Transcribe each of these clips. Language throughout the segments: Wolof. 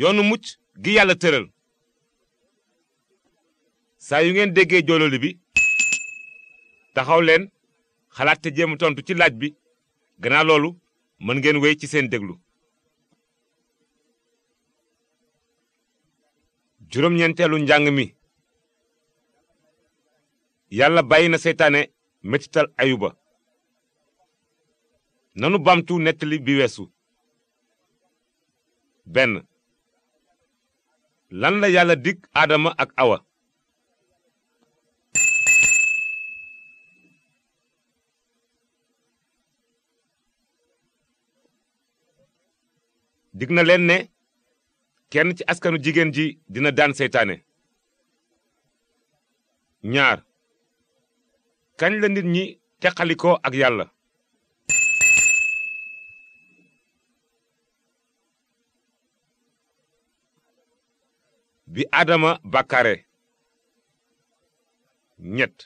yoonu mucc gi yàlla tëral saa yu ngeen déggee joololi bi taxaw leen xalaat te jéem tontu ci laaj bi gannaaw loolu mën ngeen wéy ci seen déglu juróom-ñeenteelu njàng mi yàlla bàyyi na seytaane metital ayuba nanu bamtu nettali bi weesu benn lan la yàlla dig aadama ak awa dig na leen ne kenn ci askanu jigéen ji dina daan seytaane ñaar kañ la nit ñi teqalikoo ak yàlla bi Adama bakkare ñett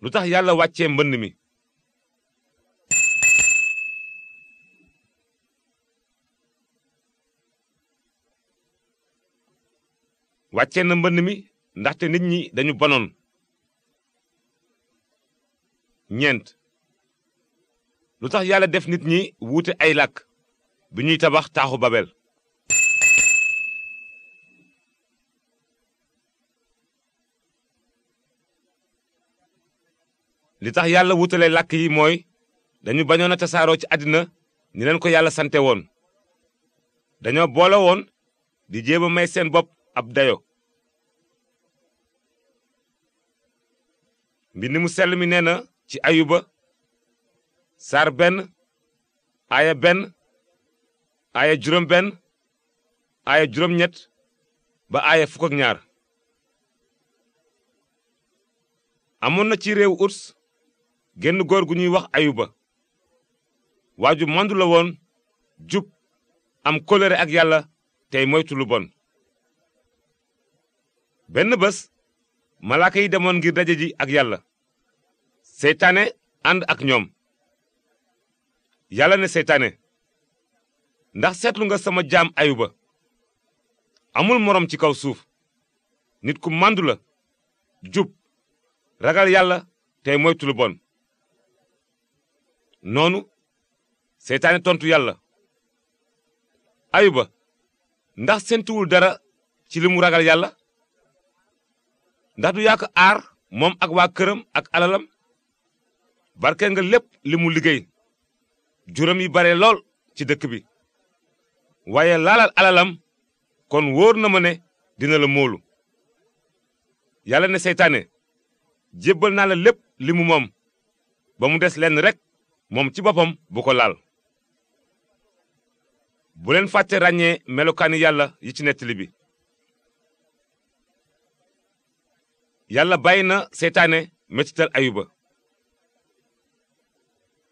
lu tax yàlla wàccee mbënd mi wàccee na mbënd mi ndaxte nit ñi dañu banoon ñent lu tax yàlla def nit ñi wuute ay làkk bi ñuy tabax taaxu babel li tax yàlla wutale làkk yi mooy dañu bañoon a tasaaroo ci àddina ñi leen ko yàlla sante woon dañoo boole woon di jéem a may seen bopp ab dayo mbind mu sell mi nee na ci ayuba saar benn aaya benn aaya juróom benn aaya juróom ñett ba aaya fukk ñaar amoon ci réew urs genn góor gu ñuy wax ayuba waa ju mandu la woon jub am kóllëre ak yàlla tey moytulu lu bon benn bés malaaka yi demoon ngir daje ji ak yàlla seytaane ànd ak ñoom yàlla ne seytaane ndax seetlu nga sama jaam ayuba amul moroom ci kaw suuf nit ku màndu la jub ragal yàlla tey moytu bon noonu seytaane tontu yàlla ayuba ndax séntuwul dara ci li mu ragal yàlla ndax du yaa ko aar moom ak waa këram ak alalam barkeel nga lépp li mu liggéey juram yi bare lool ci dëkk bi waaye laalal alalam kon wóor na ma ne dina la moolu yàlla ne seytaane jébbal naa la lépp li mu moom ba mu des lenn rek moom ci boppam bu ko laal bu leen fàtte ràññee melokaani yàlla yi ci nettali bi yàlla bàyyi na seetaane mettital ayuba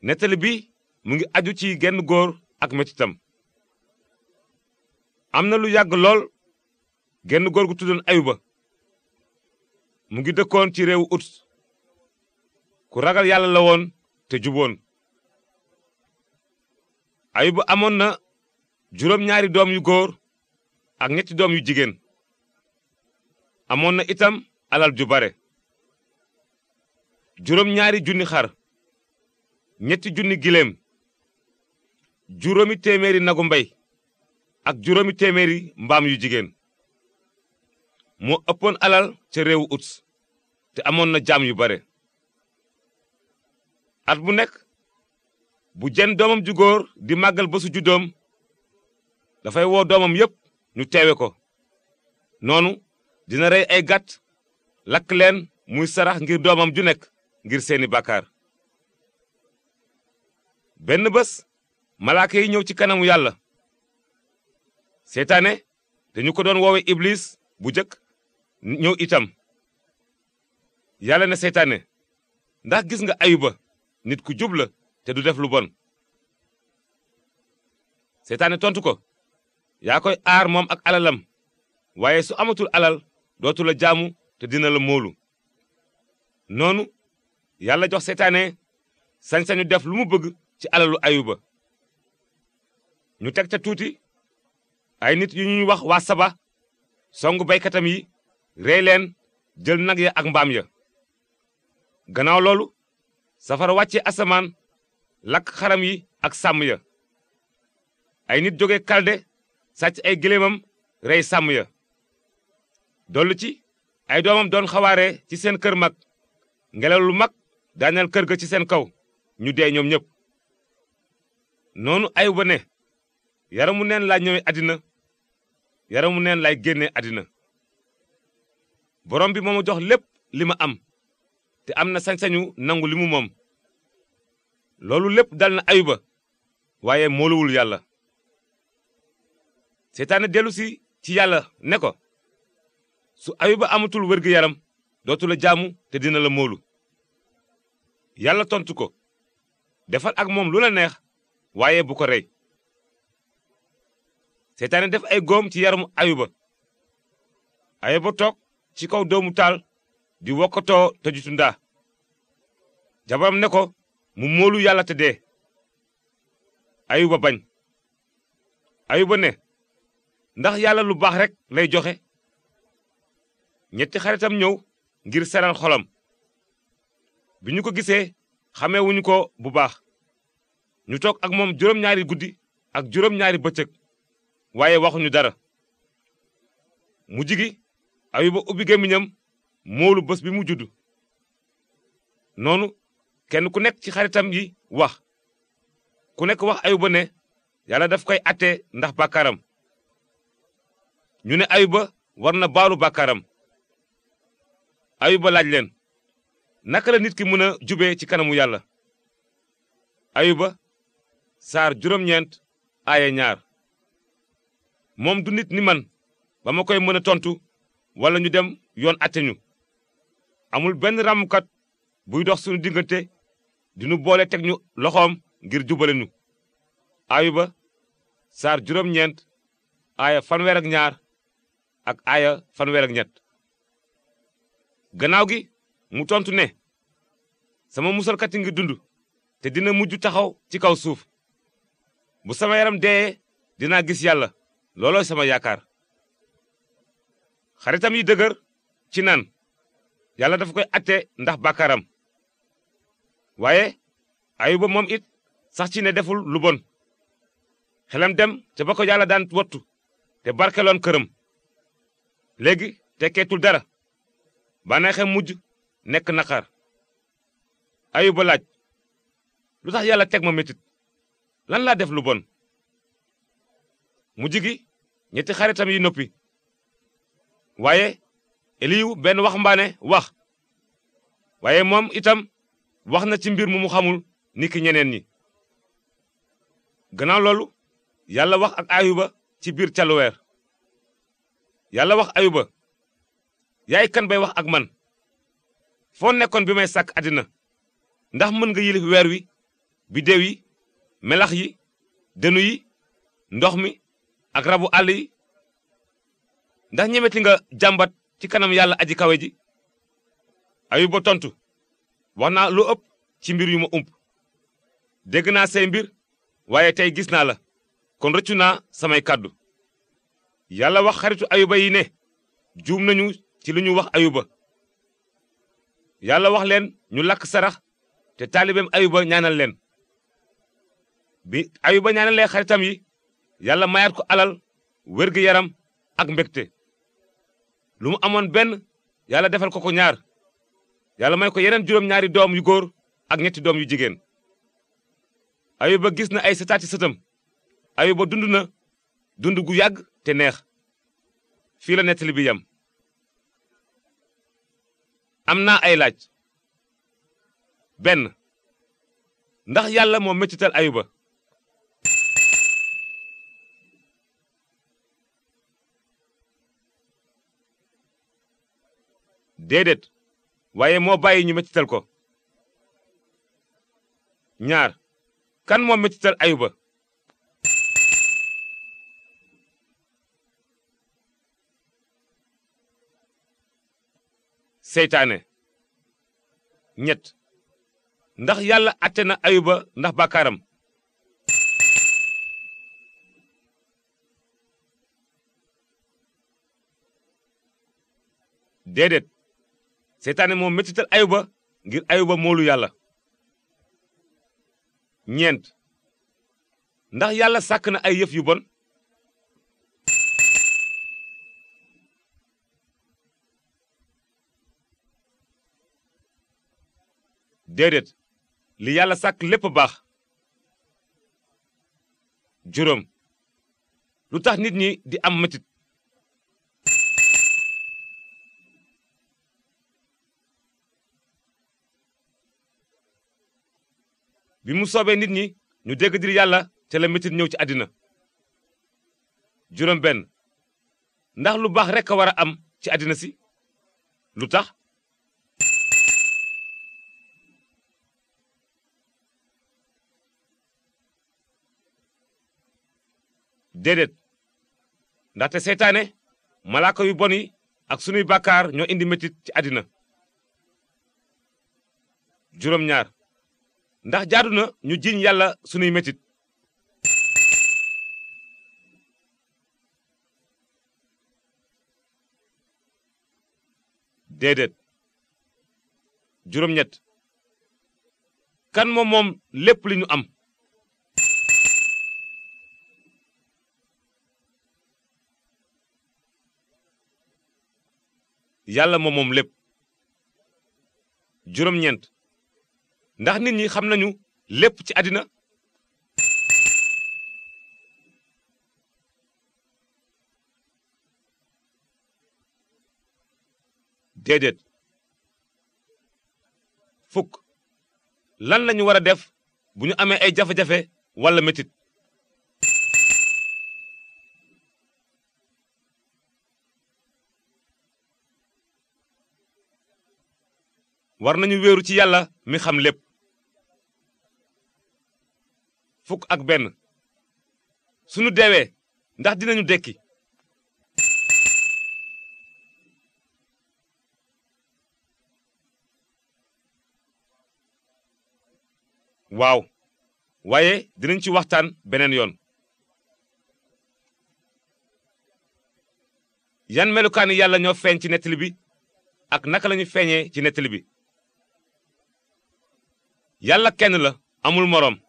nettali bi mu ngi aju ci genn góor ak mettitam am na lu yàgg lool genn góor gu tuddoon ayuba mu ngi dëkkoon ci réewu ut ku ragal yàlla la woon te juboon ayuba amoon na juróom ñaari doom yu góor ak ñetti doom yu jigéen amoon na itam alal ju bare juróom ñaari junni xar ñetti junni giléem juróomi téeméeri nagu mbay ak juróomi téeméeri mbaam yu jigéen moo ëppoon alal ca réewu ut te amoon na jaam yu bare at bu nekk bu jenn doomam jugóor di màggal bésu juddoom dafay woo doomam yépp ñu teewe ko noonu dina rey ay gàtt lakk leen muy sarax ngir doomam ju nekk ngir seeni bàkkaar benn bés malaaka yi ñëw ci kanamu yàlla seytaane dañu ko doon woowe iblis bu jëkk ñëw itam yàlla ne seytaane ndax gis nga ayuba nit ku jubla te du def lu bon seytaane tontu ko yaa koy aar moom ak alalam waaye su amatul alal dootul la jaamu te dina la móolu noonu yàlla jox seytaane sañ-sañu def lu mu bëgg ci alalu ayuba ñu teg ca tuuti ay nit yu ñu wax waa saba songu baykatam yi rey leen jël nag ya ak mbaam ya gannaaw loolu safara wàcce asamaan lakk xaram yi ak sàmm ya ay nit jóge kalde sàcc ay gëléemam rey sàmm ya dollu ci ay doomam doon xawaare ci seen kër mag ngelaw lu mag daaneel kër ga ci seen kaw ñu dee ñoom ñépp noonu ay wane yaramu neen lay ñëwee àddina yaramu neen lay génne àddina borom bi moo ma jox lépp li ma am te am na sañ nangu li mu moom loolu lépp dal na ayuba waaye mooluwul yàlla seytaane dellu si ci yàlla ne ko su ayuba amatul wérgu yaram dootu la jaamu te dina la moolu yàlla tontu ko defal ak moom lu la neex waaye bu ko rey seytaane def ay góom ci yaramu ayuba ayuba toog ci kaw doomu taal di wokkatoo tëjutu ndaa jabaram ne ko mu moolu yàlla te dee ayuba bañ ayuba ne ndax yàlla lu baax rek lay joxe ñetti xaritam ñëw ngir seral xolam bi ñu ko gisee xamewuñu ko bu baax ñu toog ak moom juróom-ñaari guddi ak juróom-ñaari bëccëg waaye waxuñu dara mu jigi ayuba ubbi gémmiñam moolu bës bi mu juddu noonu kenn ku nekk ci xaritam yi wax ku nekk wax ayuba ne yàlla daf koy atte ndax bàkkaaram ñu ne ayuba war na baalu bàkkaaram ayuba laaj leen naka la nit ki mën a jubee ci kanamu yàlla ayuba saar juróom-ñeent aaye ñaar moom du nit ni man bama koy mën a tontu walla ñu dem yoon atte amul benn ràmmkat buy dox sunu diggante dinu boole teg ñu loxoom ngir jubale ñu ayuba saar juróom-ñeent aaya fanweer ñaar ak aaya fanweer ak ñett gannaaw gi mu tontu ne sama musalkati ngi dund te dina mujj taxaw ci kaw suuf bu sama yaram dee dinaa gis yàlla loolooy sama yaakaar xaritam yi dëgër ci naan yàlla dafa koy atte ndax bàkkaaram waaye ayuba moom it sax ci ne deful lu bon xelam dem ca ba ko yàlla daan wottu te barkeloon këram léegi tekkeetul dara bànneexe mujj nekk naqar ayuba laaj lu tax yàlla teg ma metit lan laa def lu bon mujj gi ñetti xaritam yi noppi waaye eliyu benn waxambaane wax waaye moom itam wax na ci mbir mu mu xamul niki ñeneen ñi ganaaw loolu yàlla wax ak ayuba ci biir caluweer yàlla wax ayuba yaay kan bay wax ak man foo nekkoon bi may sàkk àddina ndax mën nga yilif weer wi biddéew yi melax yi dënu yi ndox mi ak rabu àll yi ndax ñemeti nga jàmbat ci kanam yàlla aji kawe ji ayuba tontu wax naa lu ëpp ci mbir yu ma ump dégg naa say mbir waaye tey gis naa la kon rëccu naa samay kàddu yàlla wax xaritu ayuba yi ne juum nañu ci lu ñu wax ayuba yàlla wax leen ñu lakk sarax te taalibeem ayuba ñaanal leen bi ayuba ñaanalee xaritam yi yàlla mayaat ko alal wér yaram ak mbégte lu mu amoon benn yàlla defal ko ko ñaar yàlla may ko yeneen juróom-ñaari doom yu góor ak ñetti doom yu jigéen ayuba gis na ay sëtaati sëtam ayuba dund na dund gu yàgg te neex fiila la nettali bi am na ay laaj benn ndax yàlla moo mettital ayuba déedéet waaye moo bàyyi ñu mettital ko ñaar kan moo mettital ayuba seytaane ñett ndax yàlla atte na ayuba ndax bàkkaaram déedéet seytaane moo mettital ayuba ngir ayuba moolu yàlla ñeent ndax yàlla sàkk na ay yëf yu bon déedéet li yàlla sàkk lépp baax juróom lu tax nit ñi di am metit bi mu soobee nit ñi ñu dégg yàlla te la metit ñëw ci àddina juróom ndax lu baax rekk a war a am ci àddina si lu tax déedéet ndaxte seytaane malaaka yu boni ak sunuy bakaar ñoo indi metit ci àddina juróom ndax jaadu na ñu jiiñ yàlla sunuy metit déedéet juróom-ñett kan moom moom lépp li ñu am yàlla moom moom lépp ndax nit ñi xam nañu lépp ci àddina déedéet fukk lan lañu war a def bu ñu amee ay jafe-jafe wala metit war nañu wéeru ci yàlla mi xam lépp fukk ak benn su nu deewee ndax dinañu dekki waaw waaye dinañ ci waxtaan beneen yoon yan melukaani yàlla ñoo feeñ ci nettali bi ak naka lañu feeñee ci nettali bi yàlla kenn la amul moroom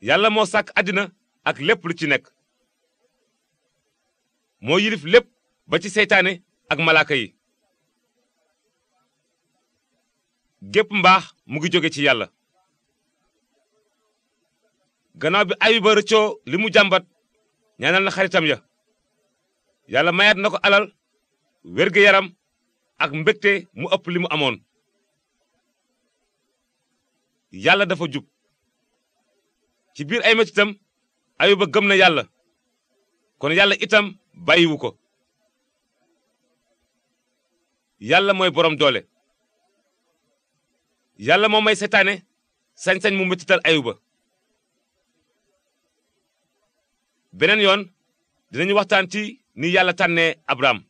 yàlla moo sàkk àddina ak lépp lu ci nekk moo yilif lépp ba ci seytaane ak malaaka yi gépp mbaax mu ngi jóge ci yàlla gannaaw bi ayuba rëccoo li mu jàmbat ñaanal na xaritam ya yàlla mayaat na ko alal wérge yaram ak mbégte mu ëpp li mu amoon yàlla dafa jub ci biir ay metitam ayuba gëm na yàlla kon yàlla itam bàyyiwu ko yàlla mooy boroom doole yàlla moo may seytaane sañ-sañ mu mettital ayuba beneen yoon dinañu waxtaan ci ni yàlla tànne abraham